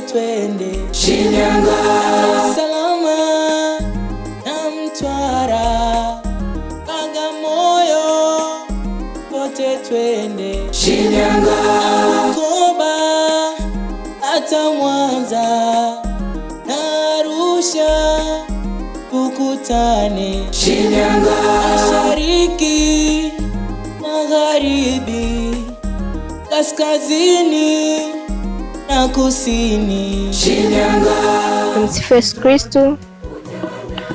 twende Shinyanga, Salama na Mtwara, Bagamoyo, pote twende Shinyanga, Bukoba hata Mwanza na Arusha kukutane Shinyanga, Mashariki, Magharibi, Kaskazini na kusini Shinyanga. Msifu Yesu Kristu.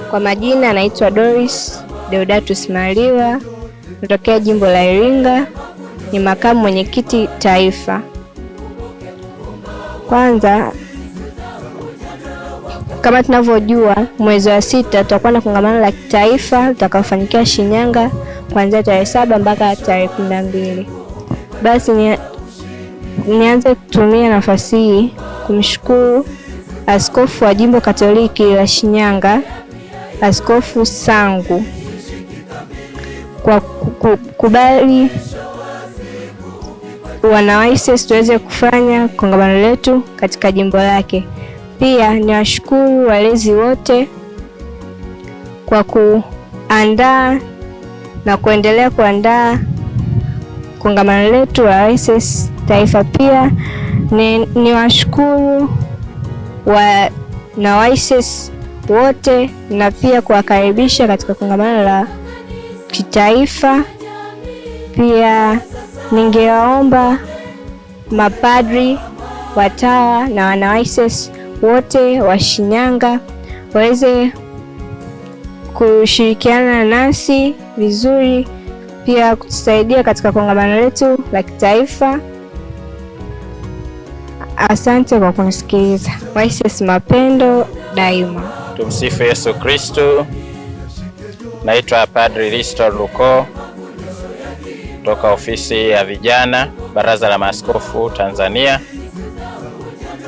Kwa majina anaitwa Doris Deodatus Maliwa, natokea jimbo la Iringa, ni makamu mwenyekiti taifa. Kwanza kama tunavyojua, mwezi wa sita tutakuwa na kongamano la kitaifa litakaofanyikia Shinyanga kuanzia tarehe saba mpaka tarehe kumi na mbili. Basi nianze kutumia nafasi hii kumshukuru askofu wa jimbo Katoliki la Shinyanga, Askofu Sangu kwa kukubali wanaWaisesi tuweze kufanya kongamano letu katika jimbo lake. Pia niwashukuru walezi wote kwa kuandaa na kuendelea kuandaa kongamano letu la Waisesi kitaifa. Pia ni, ni washukuru wa, na WISES wote na pia kuwakaribisha katika kongamano la kitaifa. Pia ningewaomba mapadri, watawa na WISES wote wa Shinyanga waweze kushirikiana nasi vizuri, pia kutusaidia katika kongamano letu la kitaifa. Asante kwa kunisikiliza. Voices mapendo daima. Tumsifu Yesu Kristo. Naitwa Padri Risto Luko toka ofisi ya vijana Baraza la Maaskofu Tanzania.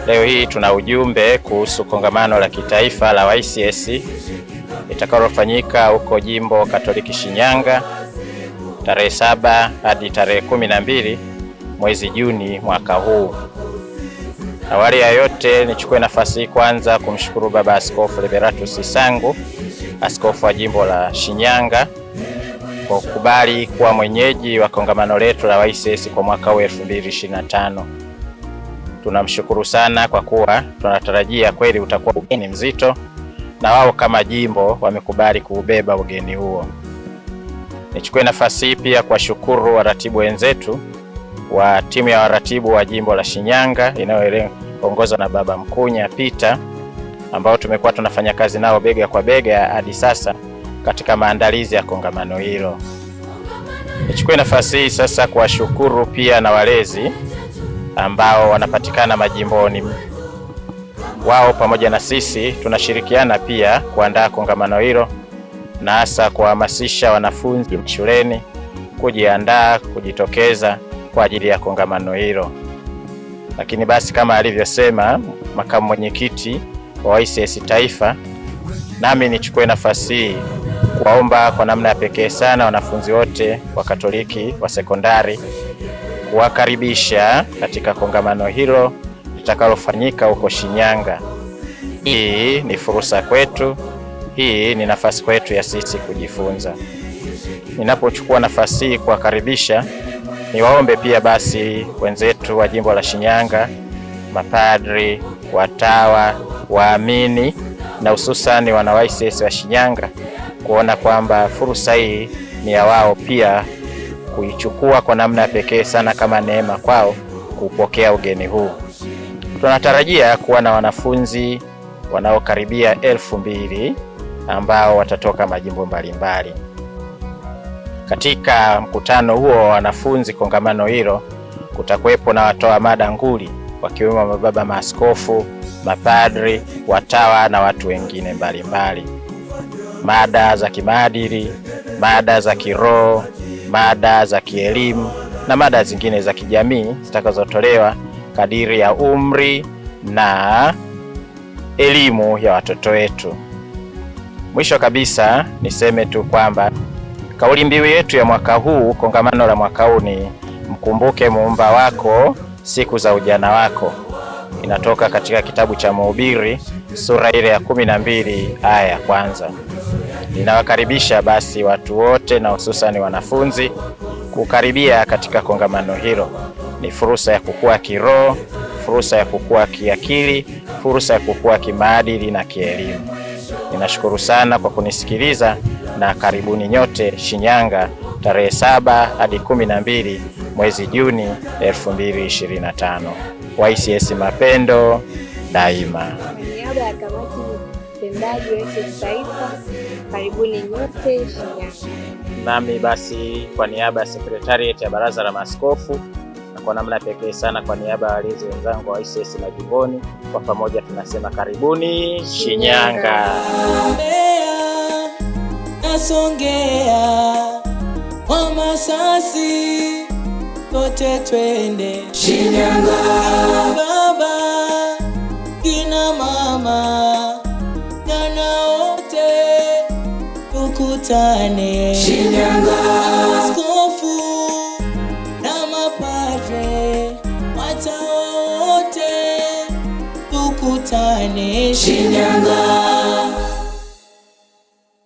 Leo hii tuna ujumbe kuhusu kongamano la kitaifa la YCS litakalofanyika huko Jimbo Katoliki Shinyanga tarehe saba hadi tarehe kumi na mbili mwezi Juni mwaka huu. Awali ya yote nichukue nafasi hii kwanza kumshukuru Baba Askofu Liberatus Isangu, askofu wa jimbo la Shinyanga kwa kukubali kuwa mwenyeji wa kongamano letu la WAICS kwa mwaka huu 2025. Tunamshukuru sana kwa kuwa tunatarajia kweli utakuwa ugeni mzito, na wao kama jimbo wamekubali kuubeba ugeni huo. Nichukue nafasi hii pia kuwashukuru waratibu wenzetu wa timu ya waratibu wa jimbo la Shinyanga inayoongozwa na Baba Mkunya pita ambao tumekuwa tunafanya kazi nao bega kwa bega hadi sasa katika maandalizi ya kongamano hilo. Nichukue nafasi hii sasa kuwashukuru pia na walezi ambao wanapatikana majimboni. Wao pamoja na sisi tunashirikiana pia kuandaa kongamano hilo na hasa kuwahamasisha wanafunzi shuleni kujiandaa, kujitokeza kwa ajili ya kongamano hilo. Lakini basi kama alivyosema makamu mwenyekiti wa ICS Taifa, nami nichukue nafasi hii kuwaomba kwa namna ya pekee sana wanafunzi wote wa Katoliki wa sekondari kuwakaribisha katika kongamano hilo litakalofanyika huko Shinyanga. Hii ni fursa kwetu, hii ni nafasi kwetu ya sisi kujifunza. Ninapochukua nafasi hii kuwakaribisha Niwaombe pia basi wenzetu wa jimbo la Shinyanga, mapadri, watawa, waamini na hususani wana wa Shinyanga kuona kwamba fursa hii ni ya wao pia kuichukua kwa namna ya pekee sana kama neema kwao kupokea ugeni huu. Tunatarajia kuwa na wanafunzi wanaokaribia elfu mbili ambao watatoka majimbo mbalimbali mbali. Katika mkutano huo wa wanafunzi kongamano hilo, kutakuwepo na watoa mada nguli wakiwemo mababa maaskofu, mapadri, watawa na watu wengine mbalimbali. Mada za kimaadili, mada za kiroho, mada za kielimu na mada zingine za kijamii zitakazotolewa kadiri ya umri na elimu ya watoto wetu. Mwisho kabisa niseme tu kwamba Kauli mbiu yetu ya mwaka huu, kongamano la mwaka huu ni mkumbuke muumba wako siku za ujana wako. Inatoka katika kitabu cha Mhubiri sura ile ya kumi na mbili aya ya kwanza. Ninawakaribisha basi watu wote na hususani wanafunzi kukaribia katika kongamano hilo. Ni fursa ya kukua kiroho, fursa ya kukua kiakili, fursa ya kukua kimaadili na kielimu. Ninashukuru sana kwa kunisikiliza na karibuni nyote Shinyanga tarehe saba hadi kumi na mbili mwezi Juni 2025. YCS Mapendo daima. YCS Nami basi kwa niaba ya sekretarieti ya Baraza la Maaskofu na kwa namna pekee sana kwa niaba ya walezi wenzangu wa YCS majimboni, kwa pamoja tunasema karibuni Shinyanga. nasongea kwa masasi kote twende Shinyanga baba kina mama jana wote tukutane Shinyanga askofu na mapadre wata wote tukutane Shinyanga